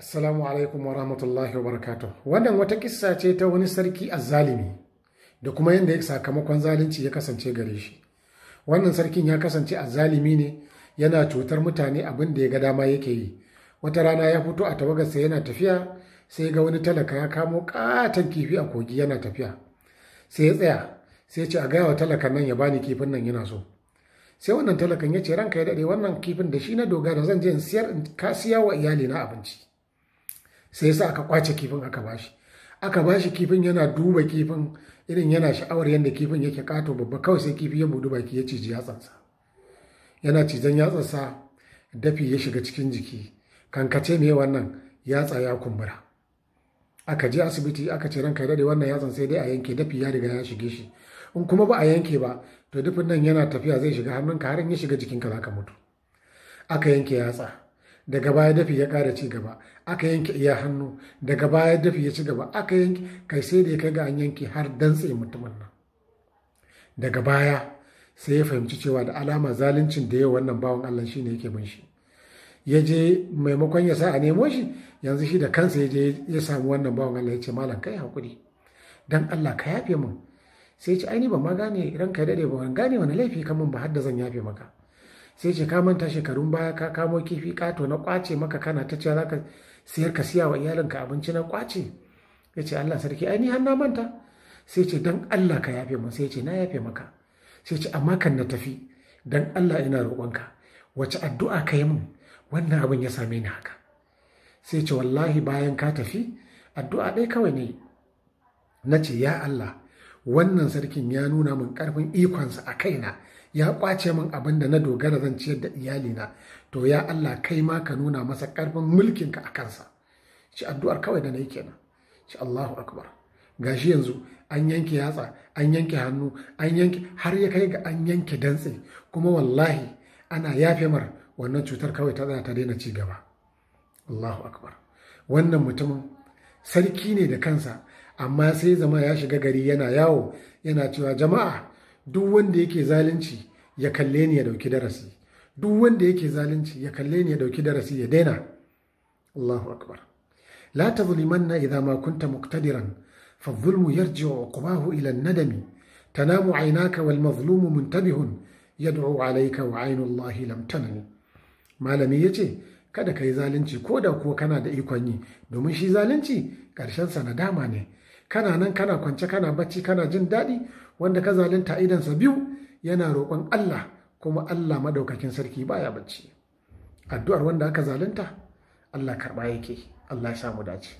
Assalamu alaikum wa rahmatullahi wa barakatuh. Wannan wata kissa ce ta wani sarki azzalimi da kuma yadda sakamakon zalunci ya kasance gare shi. Wannan sarkin ya kasance azzalimi ne yana cutar mutane abin da ya ga dama yake yi. Wata rana ya fito a sai yana tafiya sai ga wani talaka ya kamo katon kifi a kogi yana tafiya. Sai ya tsaya sai ya ce a gaya wa talakan nan ya bani kifin nan yana so. sai wannan talakan ya ce ranka ya daɗe wannan kifin da shi na dogara zan je in siyar in ka siya wa iyalina abinci. sai sa aka kwace kifin aka bashi aka bashi kifin yana duba kifin irin yana sha'awar yadda kifin yake kato babba kawai sai kifi ya budu baki ya ciji yatsansa yana cizon yatsansa dafi ya shiga cikin jiki kankace me wannan yatsa ya kumbura aka je asibiti aka ce ranka dade wannan yatsan sai dai a yanke dafi ya riga ya shige shi in kuma ba a yanke ba to dafin nan yana tafiya zai shiga hannunka har in ya shiga jikinka zaka mutu aka yanke yatsa daga baya dafi ya kara ci gaba aka yanke iya hannu daga baya dafi ya ci gaba aka yanke kai sai da ya kai ga an yanke har dantse mutumin nan daga baya sai ya fahimci cewa da alama zaluncin da yau wannan bawan Allah shi ne yake shi ya je maimakon ya sa a nemo shi yanzu shi da kansa ya je ya samu wannan bawan Allah ya ce malam kai hakuri dan Allah ka yafe min sai ya ce ai ni ban ma gane ranka ya dade ban gane wani laifi kamun ba har da zan yafe maka sai ce ka manta shekarun baya ka kamo kifi kato na kwace maka kana ta cewa zaka siyar ka siya wa iyalinka abinci na kwace ya ce Allah sarki ai ni har na manta sai ce dan Allah ka yafe mu sai ce na yafe maka sai ce amma kan na tafi dan Allah ina roƙonka wace addu'a ka yi mun wannan abin ya same ni haka sai ce wallahi bayan ka tafi addu'a ɗaya kawai ne na ce ya Allah wannan sarkin ya nuna min ƙarfin ikonsa a kaina ya ƙwace min abin da na dogara zan ciyar da iyalina to ya Allah kai ma ka nuna masa ƙarfin ka a kansa shi addu'ar kawai da na yi kenan shi Allahu akbar gashi yanzu an yanke yatsa an yanke hannu an yanke har ya kai ga an yanke dantse kuma wallahi ana yafe mar wannan cutar kawai ta ta daina ci gaba Allahu akbar wannan mutumin sarki ne da kansa amma sai zama ya shiga gari yana yawo yana cewa jama'a duk wanda yake zalunci ya kalle ni ya dauki darasi duk wanda yake zalunci ya kalle ni ya dauki darasi ya daina Allahu akbar la tazlimanna idza ma kunta muqtadiran fa adh wa yarji'u uqbahu ila an-nadami tanamu 'aynaka wal mazlumu muntabihun yad'u 'alayka wa 'aynu Allahi lam tanam malami yace kada kai zalunci ko da kuwa kana da ikon yi domin shi zalunci karshen sa nadama ne kana nan kana kwance kana bacci kana jin daɗi wanda ka zalunta idansa biyu yana roƙon Allah kuma Allah madaukakin sarki baya bacci addu'ar wanda aka zalunta Allah karɓa yake Allah ya mu dace